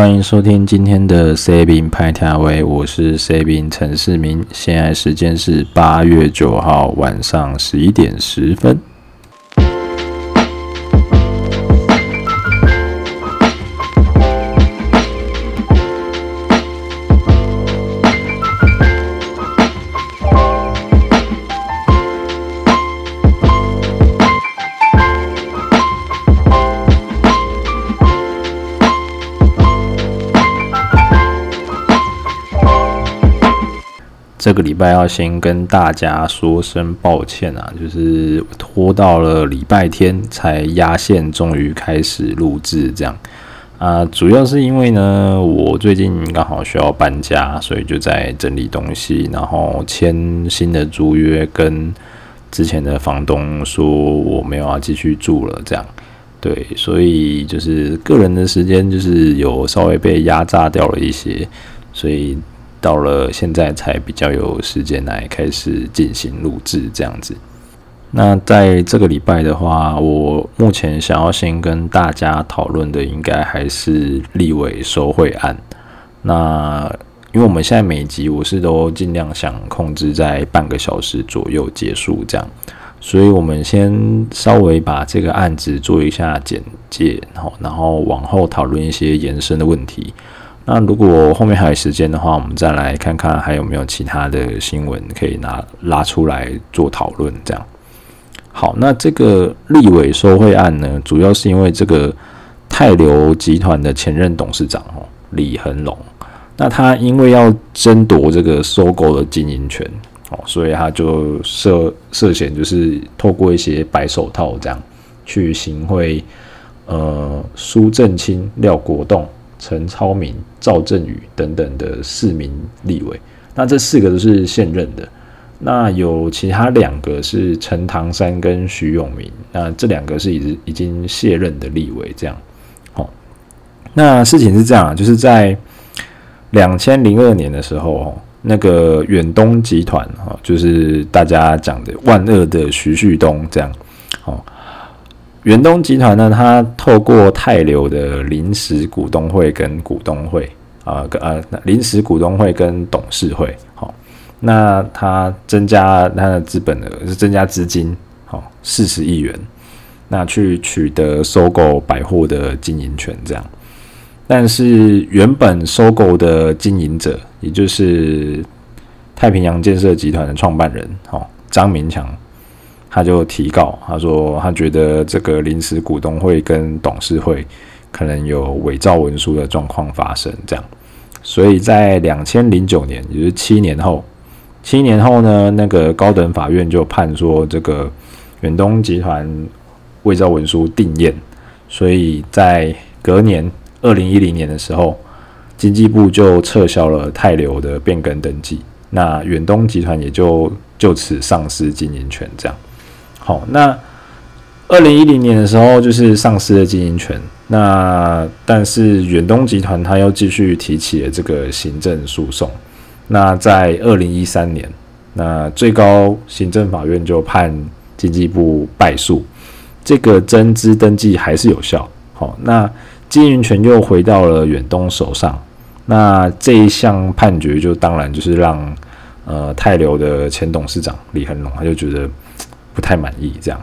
歡迎收聽今天的 Saving Podcast，我是 Saving 陳世民，現在時間是8月9號晚上11:10。拜要先跟大家說聲抱歉啊，就是拖到了禮拜天才壓線，終於開始錄製這樣啊，主要是因為呢，我最近剛好需要搬家，所以就在整理東西，然後簽新的租約，跟之前的房東說我沒有要繼續住了這樣，對，所以就是個人的時間就是有稍微被壓榨掉了一些，所以。到了現在才比較有時間來開始進行錄製，這樣子。那在這個禮拜的話，我目前想要先跟大家討論的，應該還是立委收賄案。那因為我們現在每集我是都儘量想控制在半個小時左右結束，這樣。所以我們先稍微把這個案子做一下簡介，然後往後討論一些延伸的問題。那如果後面還有時間的話，我們再來看看還有沒有其他的新聞可以拿拉出來做討論這樣。好，那這個立委受賄案呢，主要是因為這個泰流集團的前任董事長哦李恆龍，那他因為要爭奪這個 SOGO 的經營權哦，所以他就涉涉嫌就是透過一些白手套這樣去行賄呃蘇震清、廖國棟、陳超明、趙振宇等等的四名立委，那這四個都是現任的。那有其他兩個是陳唐山跟徐永明，那這兩個是已已經卸任的立委。這樣，哦，那事情是這樣，就是在兩千零二年的時候，那個遠東集團啊，就是大家講的萬惡的徐旭東這樣。遠東集團呢，它透過泰流的臨時股東會跟股東會啊，啊、呃、呃、臨時股東會跟董事會，好、哦，那它增加它的資本額是增加資金，好、哦，四十億元，那去取得收購百貨的經營權，這樣。但是原本收購的經營者，也就是太平洋建設集團的創辦人，哦，張明強。他就提告，他說他覺得這個臨時股東會跟董事會可能有偽造文書的狀況發生，這樣，所以在兩千零九年，也、就是七年後，七年後呢，那個高等法院就判說這個遠東集團偽造文書定讞。所以在隔年二零一零年的時候，經濟部就撤銷了泰流的變更登記，那遠東集團也就就此喪失經營權，這樣。好，那二零一零年的時候，就是喪失了經營權。那但是遠東集團他又繼續提起了這個行政訴訟。那在二零一三年，那最高行政法院就判經濟部敗訴，這個增資登記還是有效。好，那經營權又回到了遠東手上。那這一項判決就當然就是讓呃太流的前董事長李恆隆他就覺得不太滿意這樣，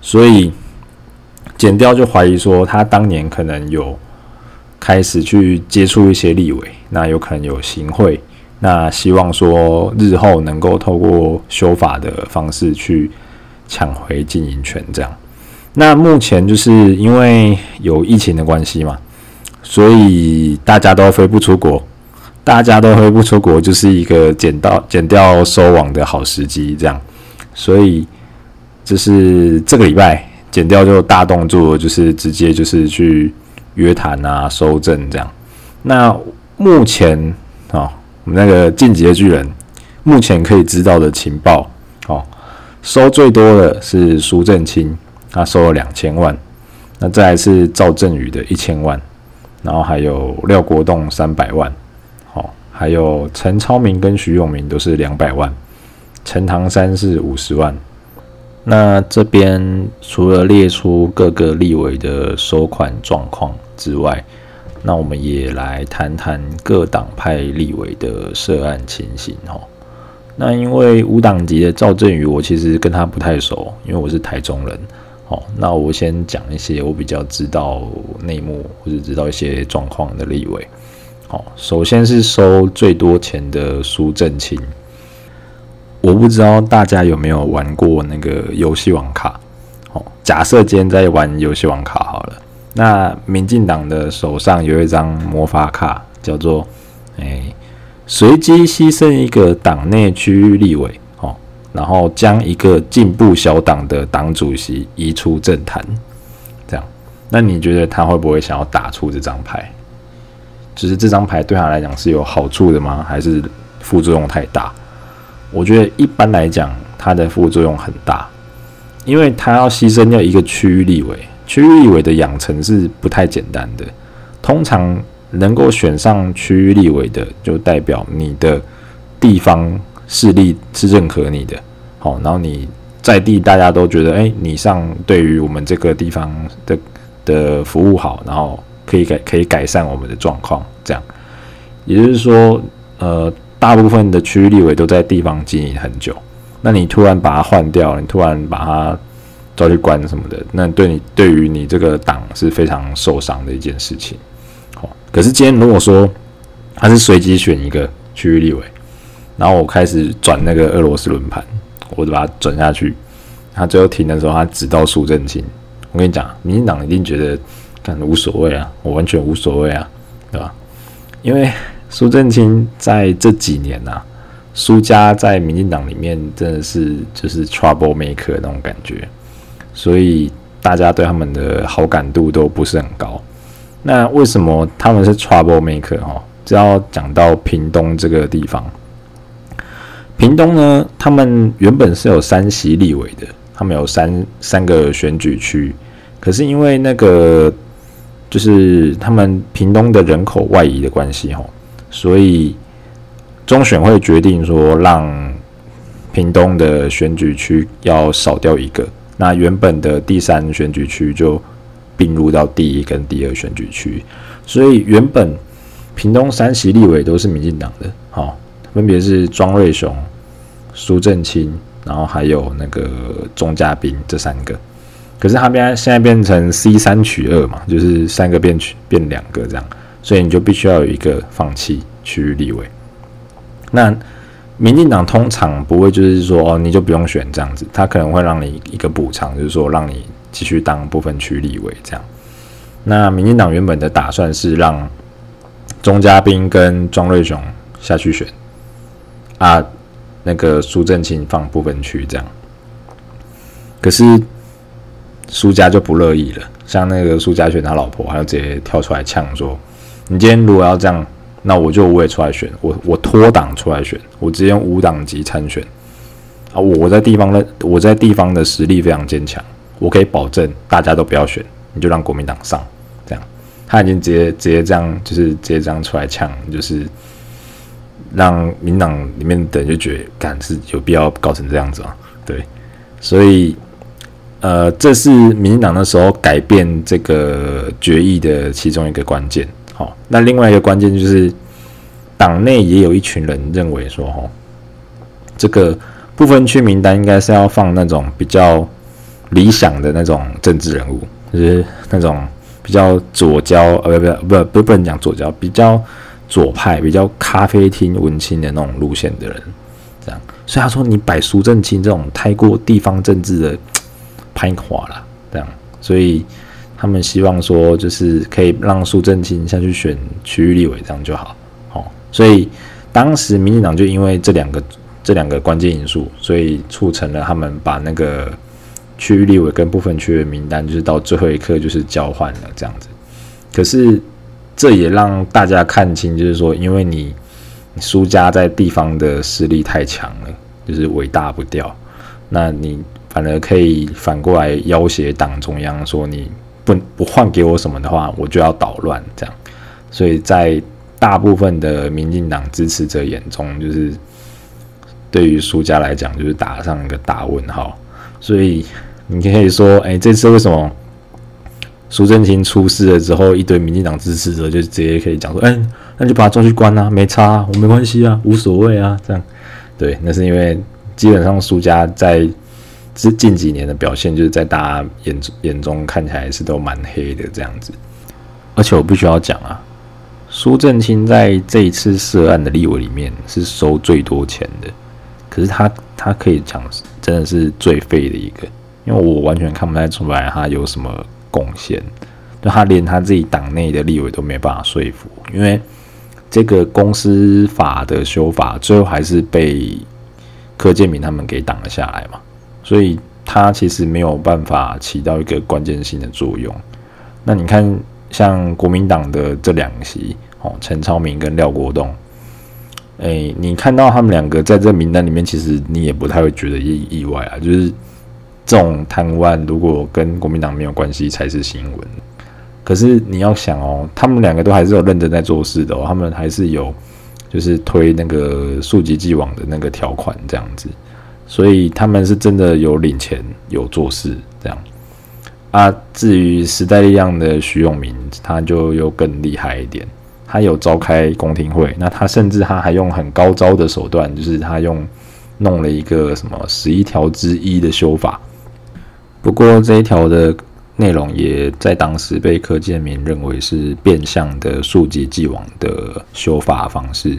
所以檢調就懷疑說，他當年可能有開始去接觸一些立委，那有可能有行賄，那希望說日後能夠透過修法的方式去搶回經營權這樣。那目前就是因為有疫情的關係嘛，所以大家都飛不出國，大家都飛不出國就是一個檢到檢調收網的好時機這樣，所以。就是這個禮拜剪掉就大動作，就是直接就是去約談啊、收證這樣。那目前啊、哦，我們那個進階巨人目前可以知道的情報，哦，收最多的是蘇震清，他收了兩千萬。那再來是趙正宇的一千萬，然後還有廖國棟三百萬，哦，還有陳超明跟徐永明都是兩百萬，陳唐山是五十萬。那這邊除了列出各個立委的收款狀況之外，那我們也來談談各黨派立委的涉案情形哈。那因為無黨籍的趙正宇，我其實跟他不太熟，因為我是台中人。好，那我先講一些我比較知道內幕或者知道一些狀況的立委。好，首先是收最多錢的蘇震清。我不知道大家有沒有玩過那個遊戲王卡？哦，假設今天在玩遊戲王卡好了，那民進黨的手上有一張魔法卡，叫做“欸，隨機犧牲一個黨內區域立委”，哦，然後將一個進步小黨的黨主席移出政壇，這樣，那你覺得他會不會想要打出這張牌？就是這張牌對他來講是有好處的嗎？還是副作用太大？我覺得一般來講，它的副作用很大，因為它要犧牲掉一個區域立委，區域立委的養成是不太簡單的。通常能夠選上區域立委的，就代表你的地方勢力是認可你的。好，然後你在地大家都覺得，哎、欸，你上對於我們這個地方的的服務好，然後可以改可以改善我們的狀況。這樣，也就是說，呃。大部分的區域立委都在地方經營很久，那你突然把它換掉了，你突然把它抓去關什麼的，那對你對於你這個黨是非常受傷的一件事情。好、哦，可是今天如果說他是隨機選一個區域立委，然後我開始轉那個俄羅斯輪盤，我就把它轉下去，他最後停的時候，他指到蘇震清。我跟你講，民進黨一定覺得，看無所謂啊，我完全無所謂啊，對吧？因為。蘇貞昌在這幾年吶、啊，蘇家在民進黨裡面真的是就是 trouble maker 那種感覺，所以大家對他們的好感度都不是很高。那為什麼他們是 trouble maker 哈？只要講到屏東這個地方，屏東呢，他們原本是有三席立委的，他們有三三個選舉區，可是因為那個就是他們屏東的人口外移的關係哈。所以中選會決定說，讓屏東的選舉區要少掉一個，那原本的第三選舉區就併入到第一跟第二選舉區。所以原本屏東三席立委都是民進黨的，哦，分別是莊瑞雄、蘇震清，然後還有那個鍾佳濱這三個。可是他們現在變成 C 三取二嘛，就是三個變取變兩個這樣。所以你就必須要有一個放棄區域立委。那民進黨通常不會就是說、哦、你就不用選這樣子，他可能會讓你一個補償，就是說讓你繼續當不分區立委這樣。那民進黨原本的打算是讓鍾佳濱跟莊瑞雄下去選啊，那個蘇正清放不分區這樣。可是蘇家就不樂意了，像那個蘇嘉全他老婆，他就直接跳出來嗆說。你今天如果要這樣，那我就我也出來選，我我脫黨出來選，我直接用無黨籍參選啊！我在地方的我在地方的實力非常堅強，我可以保證大家都不要選，你就讓國民黨上，這樣。他已經直接直接這樣，就是直接這樣出來嗆，就是讓民黨裡面的人就覺得，敢是有必要搞成這樣子啊？對，所以呃，這是民進黨那的時候改變這個決議的其中一個關鍵。那另外一個關鍵就是，黨內也有一群人認為說，哦，這個不分區名單應該是要放那種比較理想的那種政治人物，就是那種比較左膠呃，不不不不不，不能講左膠，比較左派、比較咖啡廳文青的那種路線的人，這樣。所以他說，你擺蘇震清這種太過地方政治的攀垮啦，這樣。所以。他們希望說，就是可以讓蘇震清下去選區域立委，這樣就好，哦。所以當時民進黨就因為這兩個這兩個關鍵因素，所以促成了他們把那個區域立委跟不分區名單，就是到最後一刻就是交換了這樣子。可是這也讓大家看清，就是說，因為你蘇家在地方的勢力太強了，就是尾大不掉，那你反而可以反過來要挾黨中央說你。不不換給我什麼的話，我就要搗亂這樣，所以在大部分的民進黨支持者眼中，就是對於蘇家來講，就是打上一個大問號。所以你可以說，哎、欸，這次為什麼蘇震清出事了之後，一堆民進黨支持者就直接可以講說，哎、欸，那就把他抓去關了，啊，沒差，啊，我沒關係啊，無所謂啊，這樣。對，那是因為基本上蘇家在。這近幾年的表現，就是在大家眼中眼中看起來是都蠻黑的這樣子。而且我必須要講啊，蘇震清在這一次涉案的立委裡面是收最多錢的，可是他他可以講真的是最廢的一個，因為我完全看不太出來他有什麼貢獻，就他連他自己黨內的立委都沒辦法說服，因為這個公司法的修法最後還是被柯建銘他們給擋了下來嘛。所以他其實沒有辦法起到一個關鍵性的作用。那你看，像國民黨的這兩席，哦，陳超明跟廖國棟，哎，你看到他們兩個在這名單裡面，其實你也不太會覺得意意外啊。就是這種貪官如果跟國民黨沒有關係才是新聞。可是你要想哦，他們兩個都還是有認真在做事的，哦，他們還是有就是推那個溯及既往的那個條款這樣子。所以他們是真的有領錢、有做事這樣啊。至於時代力量的徐永明，他就又更厲害一點。他有召開公聽會，那他甚至他還用很高招的手段，就是他用弄了一個什麼十一條之一的修法。不過這一條的內容也在當時被柯建銘認為是變相的溯及既往的修法方式。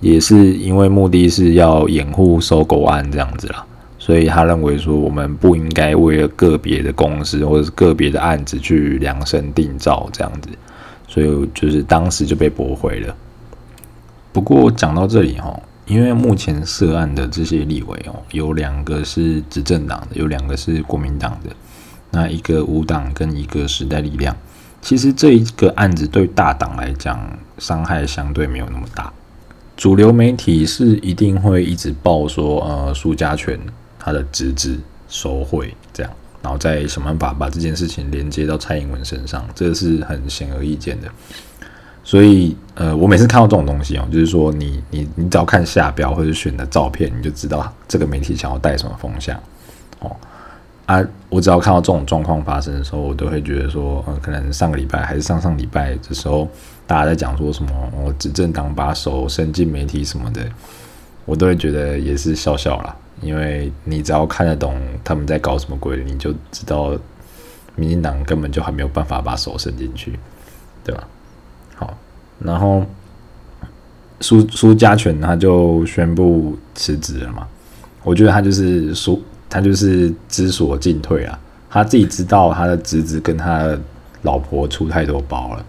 也是因為目的是要掩護收購案這樣子啦，所以他認為說我們不應該為了個別的公司或者個別的案子去量身定造這樣子，所以就是當時就被駁回了。不過講到這裡吼，因為目前涉案的這些立委哦，有兩個是執政黨的，有兩個是國民黨的，那一個無黨跟一個時代力量，其實這一個案子對大黨來講傷害相對沒有那麼大。主流媒體是一定會一直報說，呃，蘇嘉全他的侄子收賄。這樣，然後再想辦法把這件事情連接到蔡英文身上，這個是很顯而易見的。所以，呃，我每次看到這種東西哦，就是說你你你只要看下標或者選的照片，你就知道這個媒體想要帶什麼風向哦。啊，我只要看到這種狀況發生的時候，我都會覺得說，呃，可能上個禮拜還是上上禮拜的時候。大家在講說什麼？我、哦、執政黨把手伸進媒體什麼的，我都會覺得也是笑笑啦。因為你只要看得懂他們在搞什麼鬼，你就知道民進黨根本就還沒有辦法把手伸進去，對吧？好，然後蘇蘇嘉全，他就宣布辭職了嘛。我覺得他就是蘇，他就是知所進退啊。他自己知道他的姪子跟他的老婆出太多包了。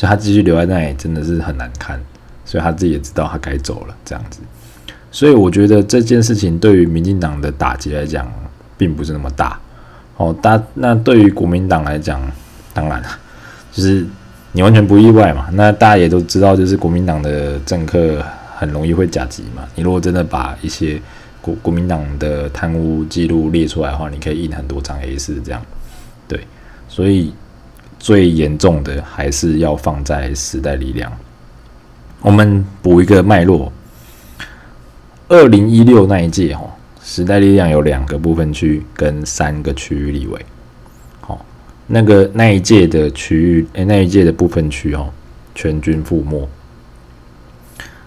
所以他繼續留在那裡真的是很難看，所以他自己也知道他該走了這樣子。所以我覺得這件事情對於民進黨的打擊來講，並不是那麼大。哦，大那對於國民黨來講，當然了，就是你完全不意外嘛。那大家也都知道，就是國民黨的政客很容易會假擊嘛。你如果真的把一些國國民黨的貪污記錄列出來的話，你可以印很多張 A 四這樣。對，所以。最嚴重的還是要放在時代力量。我們補一個脈絡：二零一六那一屆，哦，時代力量有兩個不分區跟三個區域立委。好，那個那一屆的區域、欸，誒那一屆的不分區哦，全軍覆沒。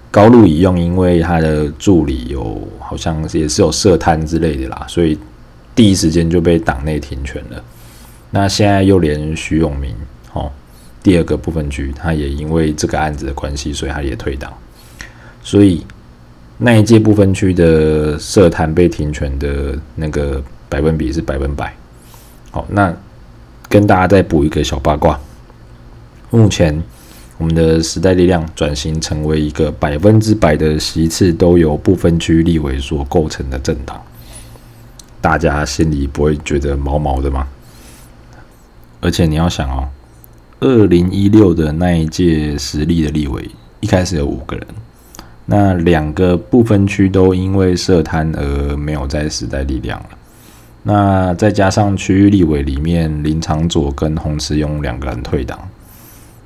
高潞以用，因為他的助理有好像也是有涉貪之類的啦，所以第一時間就被黨內停權了。那現在又連徐永明，哦，第二個不分區他也因為這個案子的關係，所以他也退黨，所以那一屆不分區的社團被停權的那個百分比是百分百，好、哦，那跟大家再補一個小八卦，目前我們的時代力量轉型成為一個百分之百的席次都由不分區立委所構成的政黨，大家心裡不會覺得毛毛的嗎？而且你要想哦，二零一六的那一屆實力的立委一開始有五個人，那兩個不分區都因為涉貪而沒有在時代力量了。那再加上區域立委裡面林昶佐跟洪慈庸兩個人退黨，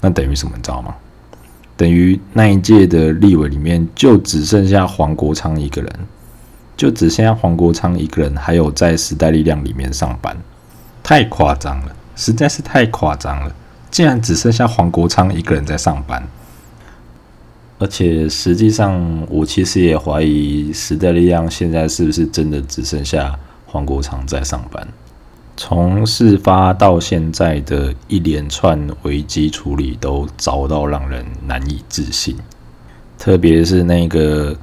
那等於什麼你知道嗎？等於那一屆的立委裡面就只剩下黃國昌一個人，就只剩下黃國昌一個人還有在時代力量裡面上班，太誇張了。實在是太誇張了！竟然只剩下黃國昌一個人在上班，而且實際上我其實也懷疑時代力量現在是不是真的只剩下黃國昌在上班。從事發到現在的一連串危機處理都糟到讓人難以置信，特別是那個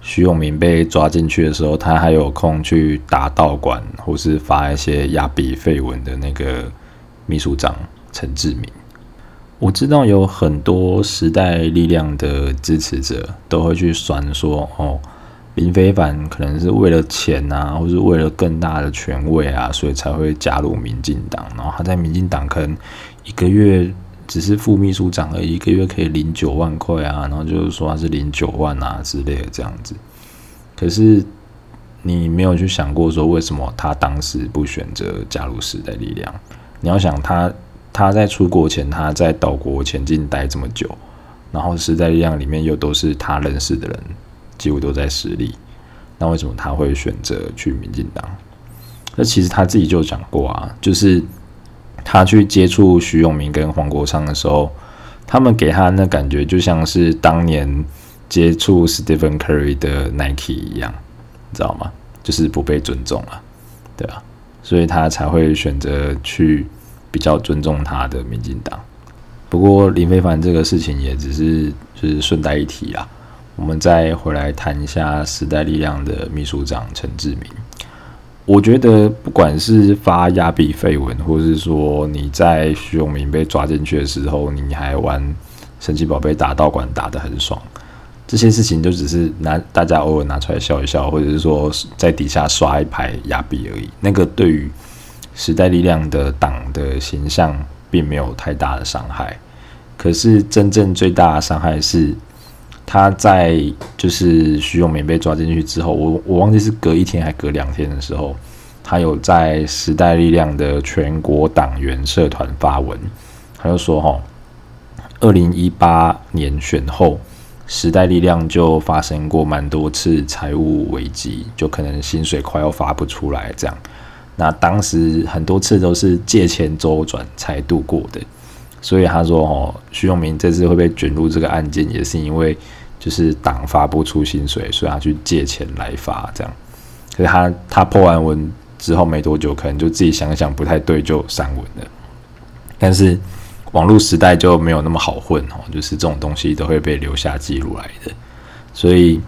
徐永明被抓進去的時候，他還有空去打道館或是發一些呀比廢文的那個。秘書長陳志明，我知道有很多時代力量的支持者都會去算說，哦，林非凡可能是為了錢啊，或是為了更大的權位啊，所以才會加入民進黨。然後他在民進黨可能一個月只是副秘書長而已，一個月可以領九萬塊啊，然後就是說他是領九萬啊之類的這樣子。可是你沒有去想過說，為什麼他當時不選擇加入時代力量？你要想他，他在出國前，他在島國前進待這麼久，然後時代力量裡面又都是他認識的人，幾乎都在時力，那為什麼他會選擇去民進黨？那其實他自己就講過啊，就是他去接觸徐永明跟黃國昌的時候，他們給他那感覺就像是當年接觸 Stephen Curry 的 Nike 一樣，你知道嗎？就是不被尊重了啊，對啊。所以他才會選擇去比較尊重他的民進黨。不過林飛帆這個事情也只是就是順帶一提啦。我們再回來談一下時代力量的秘書長陳志明。我覺得不管是發壓筆緋聞，或是說你在徐永明被抓進去的時候，你還玩神奇寶貝打道館打得很爽。這些事情就只是拿大家偶爾拿出來笑一笑，或者是說在底下刷一排呀比而已。那個對於時代力量的黨的形象並沒有太大的傷害。可是真正最大的傷害是，他在就是徐永明被抓進去之後，我我忘記是隔一天還隔兩天的時候，他有在時代力量的全國黨員社團發文，他就說、哦：“哈，二零一八年選後。”時代力量就發生過蠻多次財務危機，就可能薪水快要發不出來這樣。那當時很多次都是借錢周轉才度過的。所以他說：“哦，徐永明這次會被捲入這個案件，也是因為就是黨發不出薪水，所以他去借錢來發這樣。”可是他他破完文之後沒多久，可能就自己想想不太對，就刪文了。但是。網絡時代就沒有那麼好混哦，就是這種東西都會被留下記錄來的，所以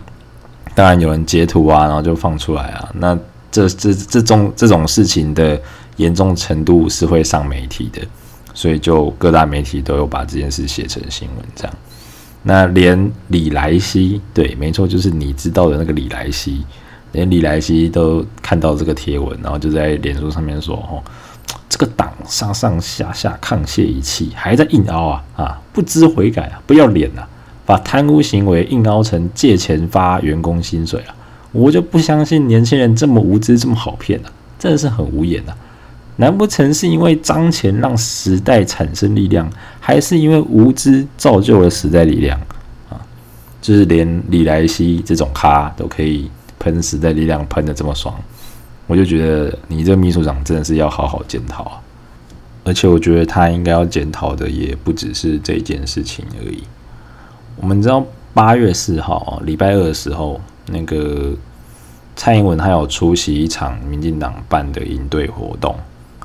當然有人截圖啊，然後就放出來啊。那這這這，這種這種事情的嚴重程度是會上媒體的，所以就各大媒體都有把這件事寫成新聞，這樣。那連李來希，對，沒錯，就是你知道的那個李來希，連李來希都看到這個貼文，然後就在臉書上面說吼。這個黨上上下下沆瀣一氣，還在硬凹啊啊，不知悔改啊，不要臉吶、啊！把貪污行為硬凹成借錢發員工薪水啊。我就不相信年輕人這麼無知，這麼好騙吶、啊，真的是很無言吶、啊！難不成是因為髒錢讓時代產生力量，還是因為無知造就了時代力量啊？就是連李來希這種咖都可以噴時代力量，噴得這麼爽。我就覺得你這秘書長真的是要好好檢討啊！而且我覺得他應該要檢討的也不只是這一件事情而已。我們知道八月四號、哦，禮拜二的時候，那個蔡英文他有出席一場民進黨辦的營隊活動。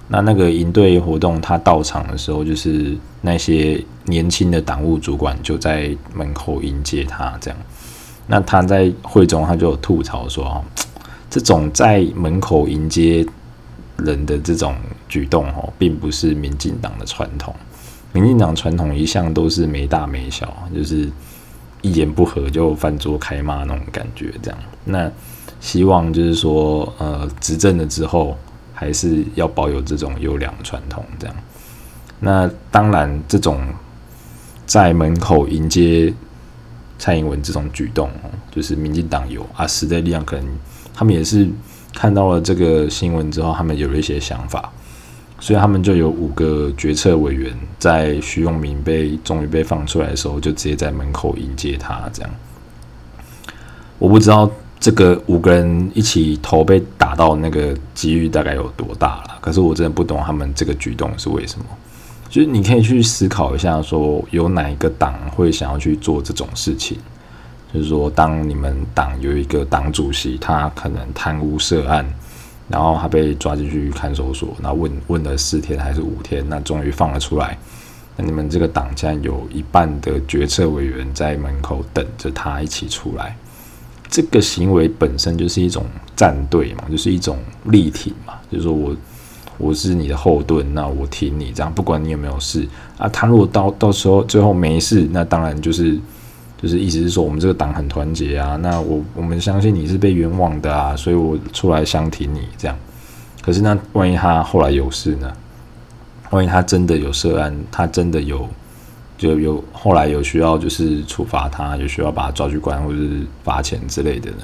那那個營隊活動，他到場的時候，就是那些年輕的黨務主管就在門口迎接他，這樣。那他在會中，他就有吐槽說：“這種在門口迎接人的這種舉動，哦，並不是民進黨的傳統。民進黨傳統一向都是沒大沒小，就是一言不合就飯桌開罵那種感覺。這樣，那希望就是說，呃，執政了之後，還是要保有這種優良傳統。這樣，那當然，這種在門口迎接蔡英文這種舉動，就是民進黨有啊，時代力量可能。他們也是看到了這個新聞之後，他們有了一些想法，所以他們就有五個決策委員在徐永明被終於被放出來的時候，就直接在門口迎接他。這樣，我不知道這個五個人一起頭被打到那個幾率大概有多大了。可是我真的不懂他們這個舉動是為什麼。就是你可以去思考一下說，說有哪一個黨會想要去做這種事情？就是說，當你們黨有一個黨主席，他可能貪污涉案，然後他被抓進去看守所，那問問了四天還是五天，那終於放了出來。那你們這個黨竟然有一半的決策委員在門口等着他一起出來，這個行為本身就是一種站隊嘛，就是一種力挺嘛，就是說我我是你的後盾，那我挺你，這樣不管你有沒有事啊。他如果到到時候最後沒事，那當然就是。就是意思是說，我們這個黨很團結啊。那我我們相信你是被冤枉的啊，所以我出來相挺你這樣。可是那萬一他後來有事呢？萬一他真的有涉案，他真的有就有後來有需要就是處罰他，有需要把他抓去關，或者是罰錢之類的呢？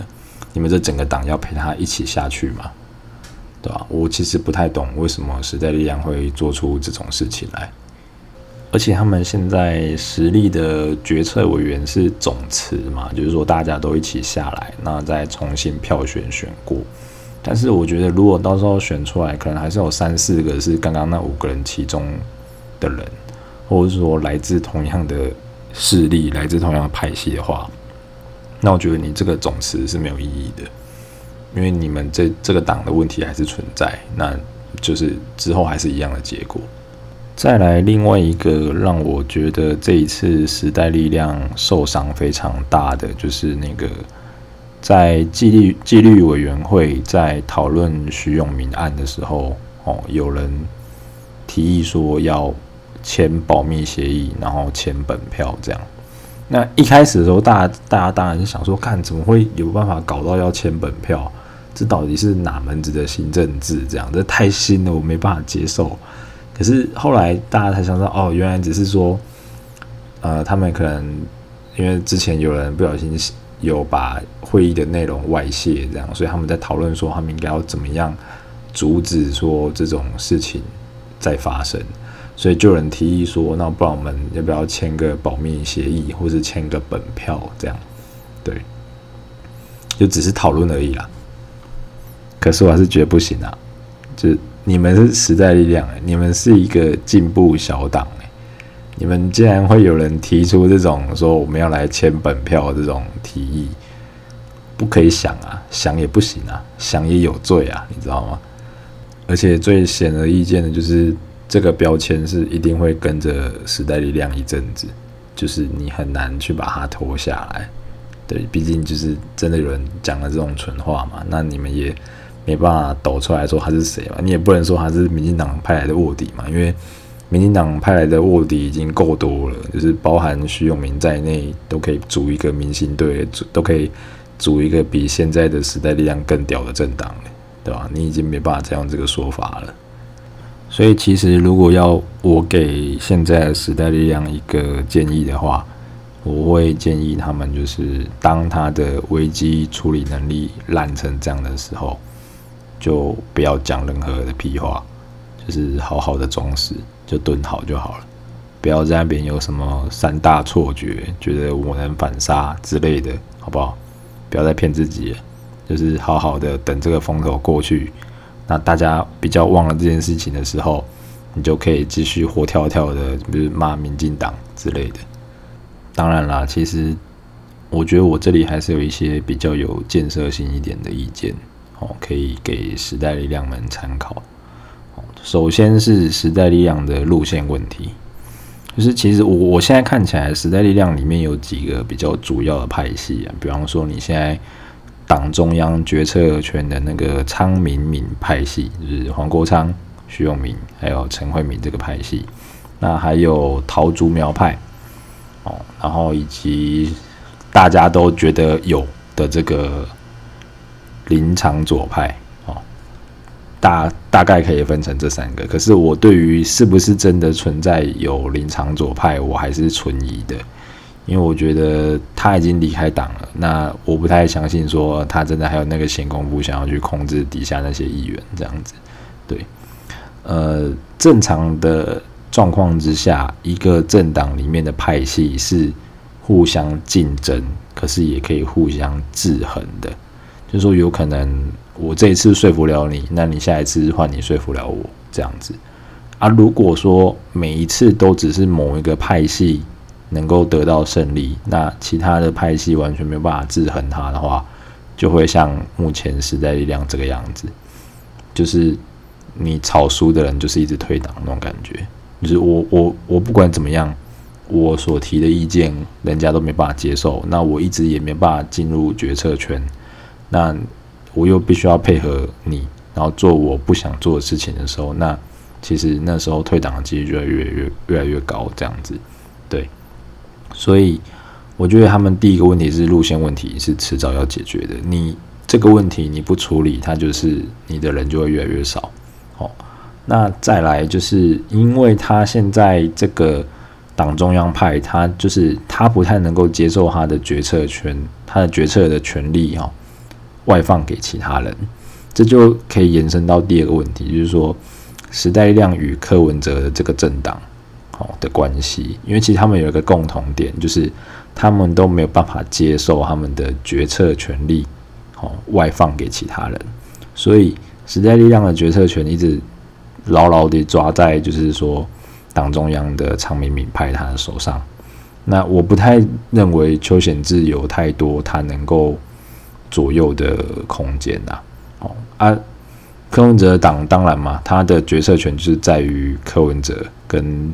你們這整個黨要陪他一起下去嗎？對吧、啊？我其實不太懂為什麼時代力量會做出這種事情來。而且他們現在時力的決策委員是總辭嘛？就是說大家都一起下來，那再重新票選選過。但是我覺得，如果到時候選出來，可能還是有三四個是剛剛那五個人其中的人，或者說來自同樣的勢力、來自同樣的派系的話，那我覺得你這個總辭是沒有意義的，因為你們這這個黨的問題還是存在，那就是之後還是一樣的結果。再來另外一個讓我覺得這一次時代力量受傷非常大的，就是那個在紀律紀律委員會在討論徐永明案的時候，哦，有人提議說要簽保密協議，然後簽本票這樣。那一開始的時候，大家大家當然想說，看怎麼會有辦法搞到要簽本票？這到底是哪門子的新政治？這樣這太新了，我沒辦法接受。可是後來大家才想到，哦，原來只是說，呃，他們可能因為之前有人不小心有把會議的內容外泄，這樣，所以他們在討論說，他們應該要怎麼樣阻止說這種事情再發生，所以就有人提議說，那不然我們要不要簽個保密協議，或是簽個本票這樣？對，就只是討論而已啦。可是我還是覺得不行啊，就。你們是時代力量，你們是一個進步小黨誒，你們竟然會有人提出這種說我們要來簽本票的這種提議，不可以想啊，想也不行啊，想也有罪啊，你知道嗎？而且最顯而易見的就是這個標籤是一定會跟着時代力量一陣子，就是你很難去把它脫下來。對，畢竟就是真的有人講了這種蠢話嘛，那你們也。沒辦法抖出來說他是誰嘛？你也不能說他是民進黨派來的臥底嘛？因為民進黨派來的臥底已經夠多了，就是包含徐永明在內，都可以組一個明星隊，組都可以組一個比現在的時代力量更屌的政黨，對吧？你已經沒辦法再用這個說法了。所以其實如果要我給現在的時代力量一個建議的話，我會建議他們就是當他的危機處理能力爛成這樣的時候。就不要講任何的屁話，就是好好的裝死，就蹲好就好了。不要在那邊有什麼三大錯覺，覺得我能反殺之類的，好不好？不要再騙自己，就是好好的等這個風頭過去，那大家比較忘了這件事情的時候，你就可以繼續活跳跳的，就是罵民進黨之類的。當然啦，其實我覺得我這裡還是有一些比較有建設性一點的意見。可以給時代力量們參考。首先是時代力量的路線問題，就是其實我我現在看起來，時代力量裡面有幾個比較主要的派系啊，比方說你現在黨中央決策權的那個昌明敏派系，就是黃國昌、徐永明還有陳慧敏這個派系，那還有桃竹苗派，哦，然後以及大家都覺得有的這個。林昶佐派，哦，大大概可以分成這三個。可是我對於是不是真的存在有林昶佐派，我還是存疑的，因為我覺得他已經離開黨了，那我不太相信說他真的還有那個閒工夫想要去控制底下那些議員這樣子。對，呃，正常的狀況之下，一個政黨裡面的派系是互相競爭，可是也可以互相制衡的。就是說有可能我這一次說服了你，那你下一次換你說服了我這樣子啊。如果說每一次都只是某一個派系能夠得到勝利，那其他的派系完全沒有辦法制衡他的話，就會像目前時代力量這個樣子，就是你吵輸的人就是一直退黨那種感覺，就是我我我不管怎麼樣，我所提的意見人家都沒辦法接受，那我一直也沒辦法進入決策圈。那我又必須要配合你，然後做我不想做的事情的時候，那其實那時候退黨的幾率就會越來越越來越高，這樣子，對，所以我覺得他們第一個問題是路線問題，是遲早要解決的。你這個問題你不處理，他就是你的人就會越來越少，哦。那再來就是因為他現在這個黨中央派，他就是他不太能夠接受他的決策權，他的決策的權力、哦，哈。外放給其他人，這就可以延伸到第二個問題，就是說時代力量與柯文哲的這個政黨，好、哦，的關係。因為其實他們有一個共同點，就是他們都沒有辦法接受他們的決策權利。好、哦，外放給其他人。所以時代力量的決策權一直牢牢地抓在就是說黨中央的蔡明民，民派他的手上。那我不太認為邱顯智有太多他能夠。左右的空間吶、啊，哦啊，柯文哲黨當然嘛，他的決策權就是在於柯文哲跟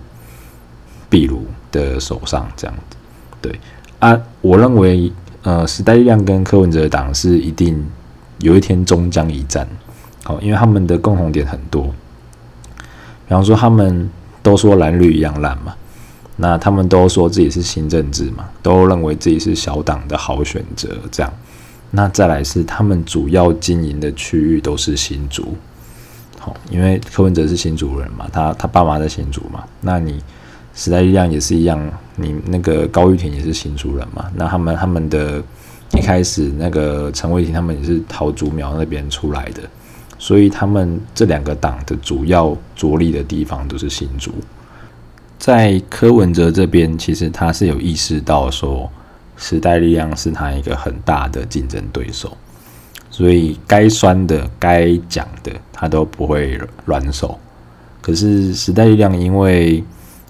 壁如的手上這樣子。對啊，我認為呃，時代力量跟柯文哲黨是一定有一天終將一戰，哦，因為他們的共同點很多，比方說他們都說藍綠一樣爛嘛，那他們都說自己是新政治嘛，都認為自己是小黨的好選擇這樣。那再來是他們主要經營的區域都是新竹，好，因為柯文哲是新竹人嘛，他他爸媽在新竹嘛。那你時代力量也是一樣，你那個高玉婷也是新竹人嘛。那他們他們的一開始那個陳為廷他們也是桃竹苗那邊出來的，所以他們這兩個黨的主要着力的地方都是新竹。在柯文哲這邊，其實他是有意識到說時代力量是他一個很大的競爭對手，所以該酸的、該講的，他都不會軟手。可是時代力量因為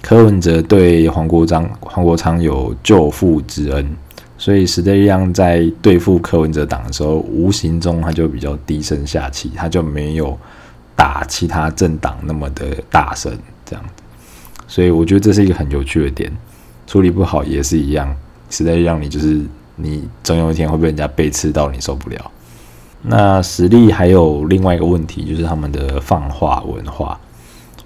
柯文哲對黃國章、黃國昌有救父之恩，所以時代力量在對付柯文哲黨的時候，無形中他就比較低聲下氣，他就沒有打其他政黨那麼的大聲這樣，所以我覺得這是一個很有趣的點，處理不好也是一樣。實在讓你就是你，總有一天會被人家背刺到你受不了。那時力還有另外一個問題，就是他們的放話文化。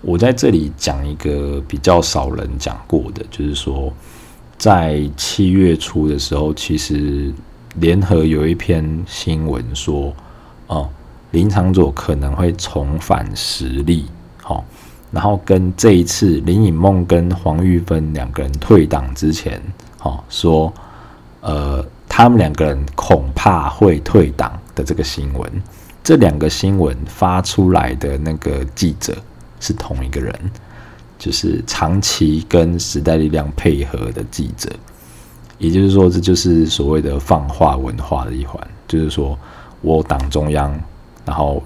我在這裡講一個比較少人講過的，就是說，在七月初的時候，其實聯合有一篇新聞說，哦，林昶佐可能會重返時力，哦，然後跟這一次林穎孟跟黃郁芬兩個人退黨之前。說，呃，他們兩個人恐怕會退黨的這個新聞，這兩個新聞發出來的那個記者是同一個人，就是長期跟時代力量配合的記者，也就是說，這就是所謂的放話文化的一環，就是說我黨中央，然後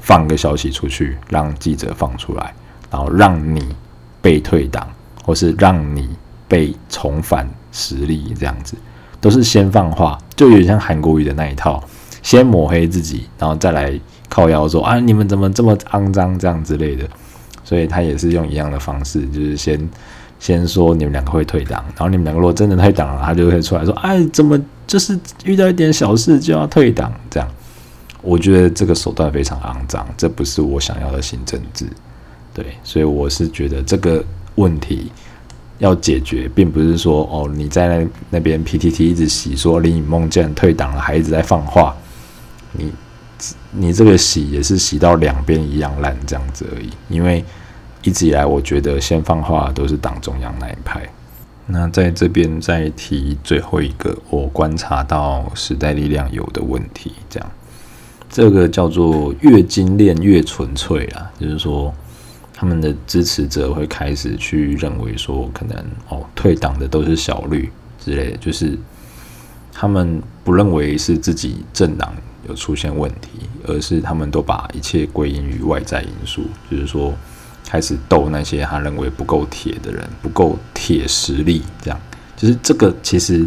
放個消息出去，讓記者放出來，然後讓你被退黨，或是讓你。被重返實力這樣子，都是先放話，就有點像韓國瑜的那一套，先抹黑自己，然後再來靠腰說啊，你們怎麼這麼骯髒這樣之類的。所以他也是用一樣的方式，就是先先說你們兩個會退黨，然後你們兩個如果真的退黨了，他就會出來說，哎，怎麼就是遇到一點小事就要退黨這樣？我覺得這個手段非常骯髒，這不是我想要的新政治，對，所以我是覺得這個問題。要解決，並不是說哦，你在那那邊 PTT 一直洗，說林穎孟竟然退黨了，還一直在放話，你你這個洗也是洗到兩邊一樣爛這樣子而已。因為一直以來，我覺得先放話的都是黨中央那一派。那在這邊再提最後一個，我、哦、觀察到時代力量有的問題，這樣這個叫做越精煉越純粹啊，就是說。他們的支持者會開始去認為說，可能哦，退黨的都是小綠之類的，就是他們不認為是自己政黨有出現問題，而是他們都把一切歸因於外在因素，就是說開始鬥那些他認為不夠鐵的人，不夠鐵實力，這樣就是這個其實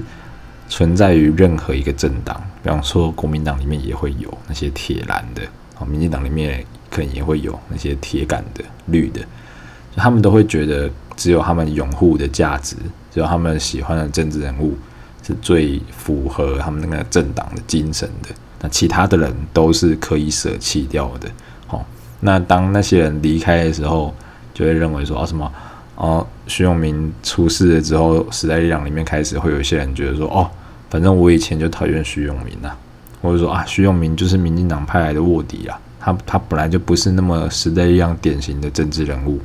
存在於任何一個政黨，比方說國民黨裡面也會有那些鐵藍的，啊、哦，民進黨裡面。可能也會有那些鐵桿的綠的，就他們都會覺得只有他們擁護的價值，只有他們喜歡的政治人物是最符合他們那個政黨的精神的。那其他的人都是可以捨棄掉的。好、哦，那當那些人離開的時候，就會認為說啊什麼哦，徐永明出事了之後，時代力量裡面開始會有一些人覺得說哦，反正我以前就討厭徐永明吶、啊，或者說啊徐永明就是民進黨派來的臥底啊。他他本來就不是那麼時代力量典型的政治人物，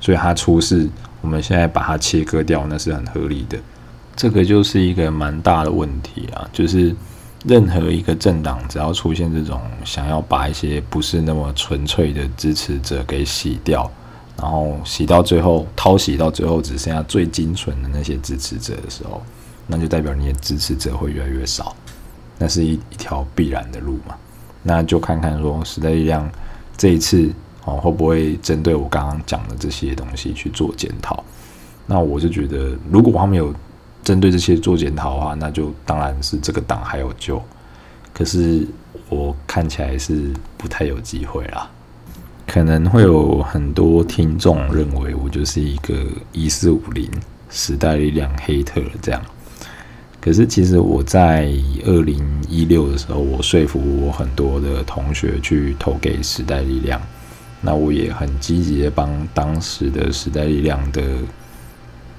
所以他出事，我們現在把他切割掉，那是很合理的。這個就是一個蠻大的問題啊，就是任何一個政黨只要出現這種想要把一些不是那麼純粹的支持者給洗掉，然後洗到最後，淘洗到最後只剩下最精純的那些支持者的時候，那就代表你的支持者會越來越少，那是一一條必然的路嘛。那就看看說時代力量這一次哦會不會針對我剛剛講的這些東西去做檢討。那我就覺得，如果他們有針對這些做檢討的話，那就當然是這個黨還有救。可是我看起來是不太有機會啦，可能會有很多聽眾認為我就是一個一四五零時代力量黑特這樣。可是，其實我在二零一六的時候，我說服我很多的同學去投給時代力量。那我也很積極的幫當時的時代力量的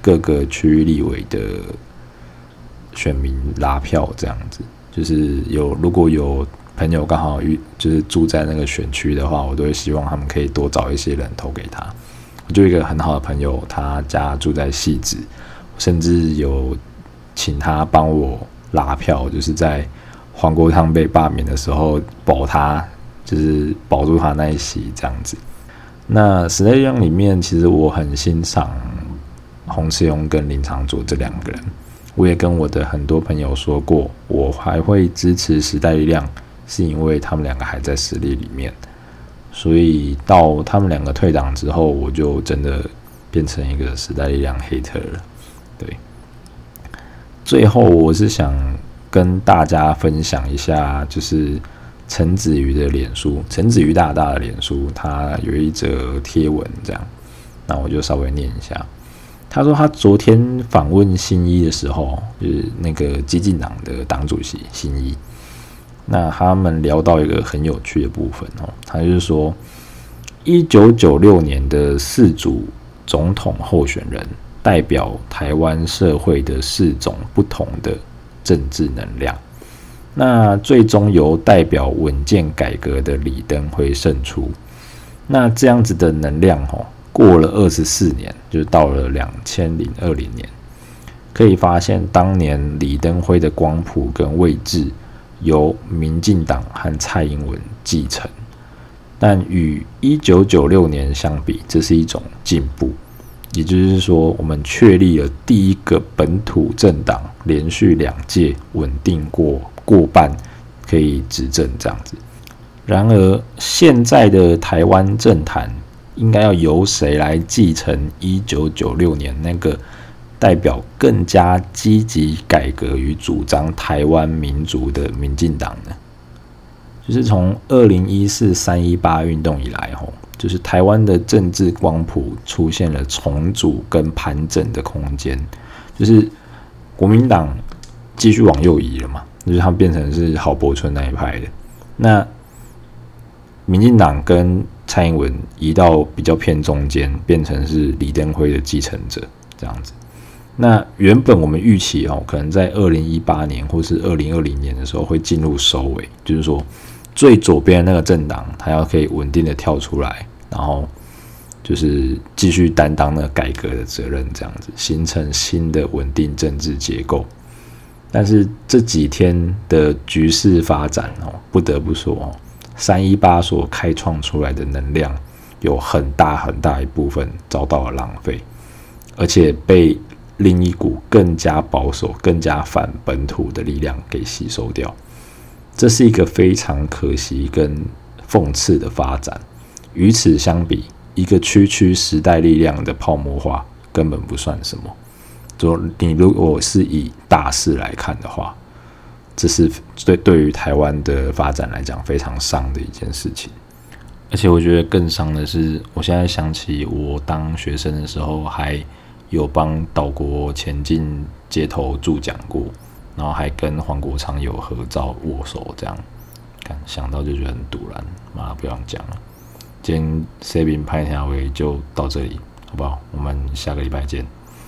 各個區域立委的選民拉票，這樣子就是有，如果有朋友剛好遇，就是住在那個選區的話，我都會希望他們可以多找一些人投給他。我就一個很好的朋友，他家住在汐止，甚至有。請他幫我拉票，就是在黃國昌被罷免的時候保他，就是保住他那一席這樣子。那時代力量裡面，其實我很欣賞洪慈庸跟林昶佐這兩個人，我也跟我的很多朋友說過，我還會支持時代力量，是因為他們兩個還在時力裡面。所以到他們兩個退黨之後，我就真的變成一個時代力量 hater 了。最後，我是想跟大家分享一下，就是陳子瑜的臉書，陳子瑜大大的臉書，他有一則貼文，這樣，那我就稍微念一下。他說他昨天訪問新一的時候，就是那個基進黨的黨主席新一，那他們聊到一個很有趣的部分哦，他就是說，一九九六年的四組總統候選人。代表台灣社會的四種不同的政治能量，那最終由代表穩健改革的李登輝勝出。那這樣子的能量過了二十四年，就是到了兩千零二零年，可以發現當年李登輝的光譜跟位置由民進黨和蔡英文繼承，但與一九九六年相比，這是一種進步。也就是說，我們確立了第一個本土政黨連續兩屆穩定過過半，可以執政這樣子。然而，現在的台灣政壇應該要由誰來繼承一九九六年那個代表更加積極改革與主張台灣民族的民進黨呢？就是從二零一四三一八運動以來吼就是台灣的政治光譜出現了重組跟盤整的空間，就是國民黨繼續往右移了嘛，就是它變成是郝柏村那一派的。那民進黨跟蔡英文移到比較偏中間，變成是李登輝的繼承者這樣子。那原本我們預期哦，可能在二零一八年或是二零二零年的時候會進入收尾，就是說最左邊的那個政黨，他要可以穩定的跳出來。然後就是繼續擔當了改革的責任，這樣子形成新的穩定政治結構。但是這幾天的局勢發展哦，不得不說哦，三一八所開創出來的能量，有很大很大一部分遭到了浪費，而且被另一股更加保守、更加反本土的力量給吸收掉。這是一個非常可惜跟諷刺的發展。與此相比，一個區區時代力量的泡沫化根本不算什麼。就是、你如果是以大事來看的話，這是對對於台灣的發展來講非常傷的一件事情。而且我覺得更傷的是，我現在想起我當學生的時候，還有幫島國前進街頭助講過，然後還跟黃國昌有合照握手，這樣看想到就覺得很堵然，媽不要講了。先這邊拍一下，尾就到這裡，好不好？我們下個禮拜見。